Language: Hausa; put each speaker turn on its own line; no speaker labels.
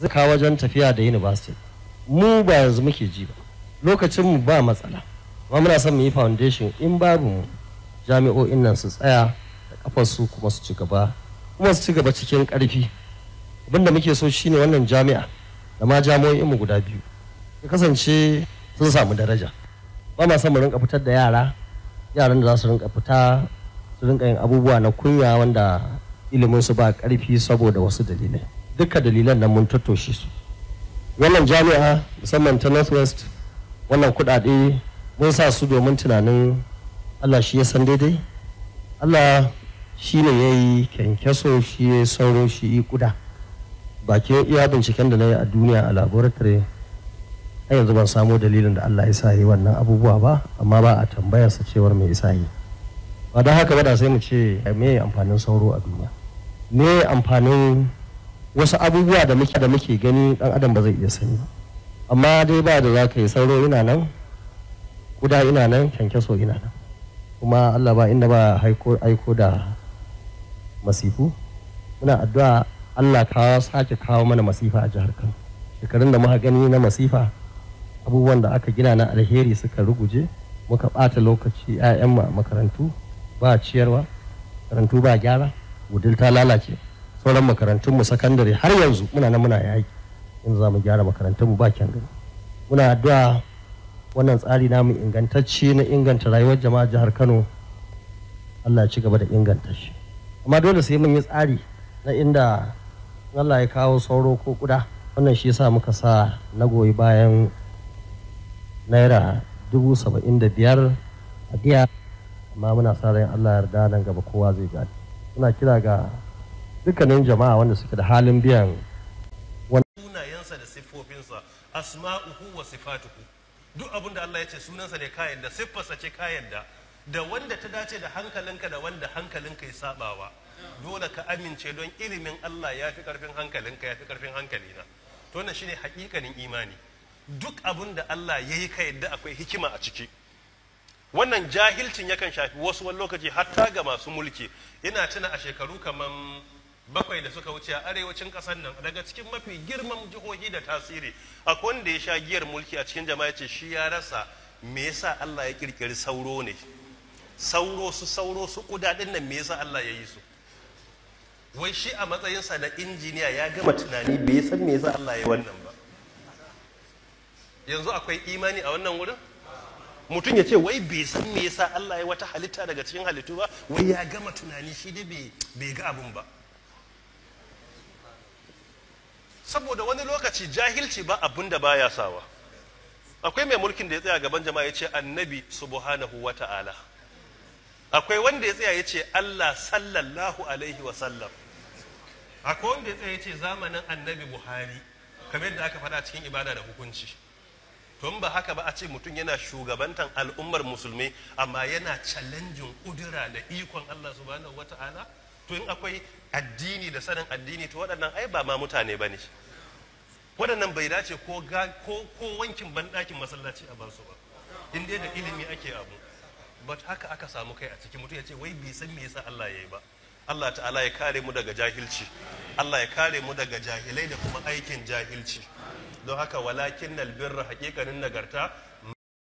zai wajen tafiya da university mu ba yanzu muke ji ba lokacin mu ba matsala amma muna son mu yi foundation in babu mu jami'o'in nan su tsaya da su kuma su ci gaba kuma su ci gaba cikin karfi abinda muke so shine wannan jami'a da ma jami'o'in mu guda biyu ya kasance sun samu daraja ba ma son mu rinka fitar da yara yaran da za su rinka fita su rinka yin abubuwa na kunya wanda ilimin su ba karfi saboda wasu dalilai duka dalilan nan mun tattoshe su wannan jami'a musamman ta northwest wannan kudade mun sa su domin tunanin allah shi ya san daidai allah shi ne ya yi kyankyaso shi ya sauro shi yi kuda bakin iya binciken da na yi a duniya a laboratory a yanzu ban samo dalilin da allah ya yi wannan abubuwa ba amma ba a sa cewar mai isa yi ba don haka ba da sai mu ce me amfanin sauro a duniya me amfanin wasu abubuwa da muke da muke gani dan adam ba zai iya sani amma dai ba da za yi sauro ina nan kuda ina nan kyankyaso ina nan kuma allah ba inda ba aiko da masifu muna addu'a allah ka sake kawo mana masifa a jihar kano shekarun da muka gani na masifa abubuwan da aka gina na alheri suka ruguje muka bata lokaci ƴaƴan makarantu ba ciyarwa makarantu ba gyara gudun ta lalace sauran mu sakandare har yanzu muna nan muna yaƙi in za mu gyara makarantunmu ba kyan gani muna addu'a wannan tsari namu ingantacce na inganta rayuwar jama'a jihar kano allah ya ci gaba da inganta shi amma dole sai mun yi tsari na inda allah ya kawo sauro ko kuda wannan shi yasa muka sa na goyi bayan naira dubu saba'in da biyar a biya amma muna sa ran allah yarda nan gaba kowa zai gani muna kira ga dukkanin jama'a wanda suke da halin biyan
sunayensa da siffofinsa asma'uhu wa sifatuhu duk abin da Allah ya ce sunansa ne ka da siffarsa ce kayan da da wanda ta dace da hankalinka da wanda hankalinka ya sabawa dole ka amince don ilimin Allah ya fi karfin hankalinka ya fi karfin hankalina to wannan shine hakikanin imani duk abin da Allah ya yi ka yadda akwai hikima a ciki wannan jahilcin yakan shafi wasu wani lokaci hatta ga masu mulki ina tuna a shekaru kamar bakwai da suka wuce a arewacin ƙasar nan daga cikin mafi girman jihohi da tasiri akwai wanda ya sha giyar mulki a cikin jama'a ce shi ya rasa me yasa Allah ya kirkiri sauro ne sauro su sauro su kudaden nan me yasa Allah ya yi su wai shi a matsayinsa na injiniya ya gama tunani bai san me yasa Allah ya yi wannan ba yanzu akwai imani a wannan wurin mutum ya ce wai bai san me yasa Allah ya wata halitta daga cikin halittu ba wai ya gama tunani shi dai bai ga abun ba saboda wani lokaci jahilci ba abin da baya sawa akwai mai mulkin da ya tsaya gaban jama'a ya ce annabi subhanahu wa ta'ala akwai wanda ya tsaya ya ce Allah sallallahu alaihi wa sallam akwai wanda ya tsaya yace zamanin annabi Buhari kamar da aka faɗa cikin ibada da hukunci tun ba haka ba a ce mutum yana shugabantan al'ummar musulmi amma yana challenging kudura da ikon Allah subhanahu wa ta'ala tun akwai addini da sanin addini to waɗannan ai ba ma mutane ba ne waɗannan bai dace ko ko wankin banɗakin masallaci a basu ba in dai da ilimi ake abu but haka aka samu kai a cikin mutum ya ce wai bai san me yasa Allah ya yi ba Allah ta'ala ya kare mu daga jahilci Allah ya kare mu daga jahilai da kuma aikin jahilci don haka walakin nalbirra haƙiƙanin nagarta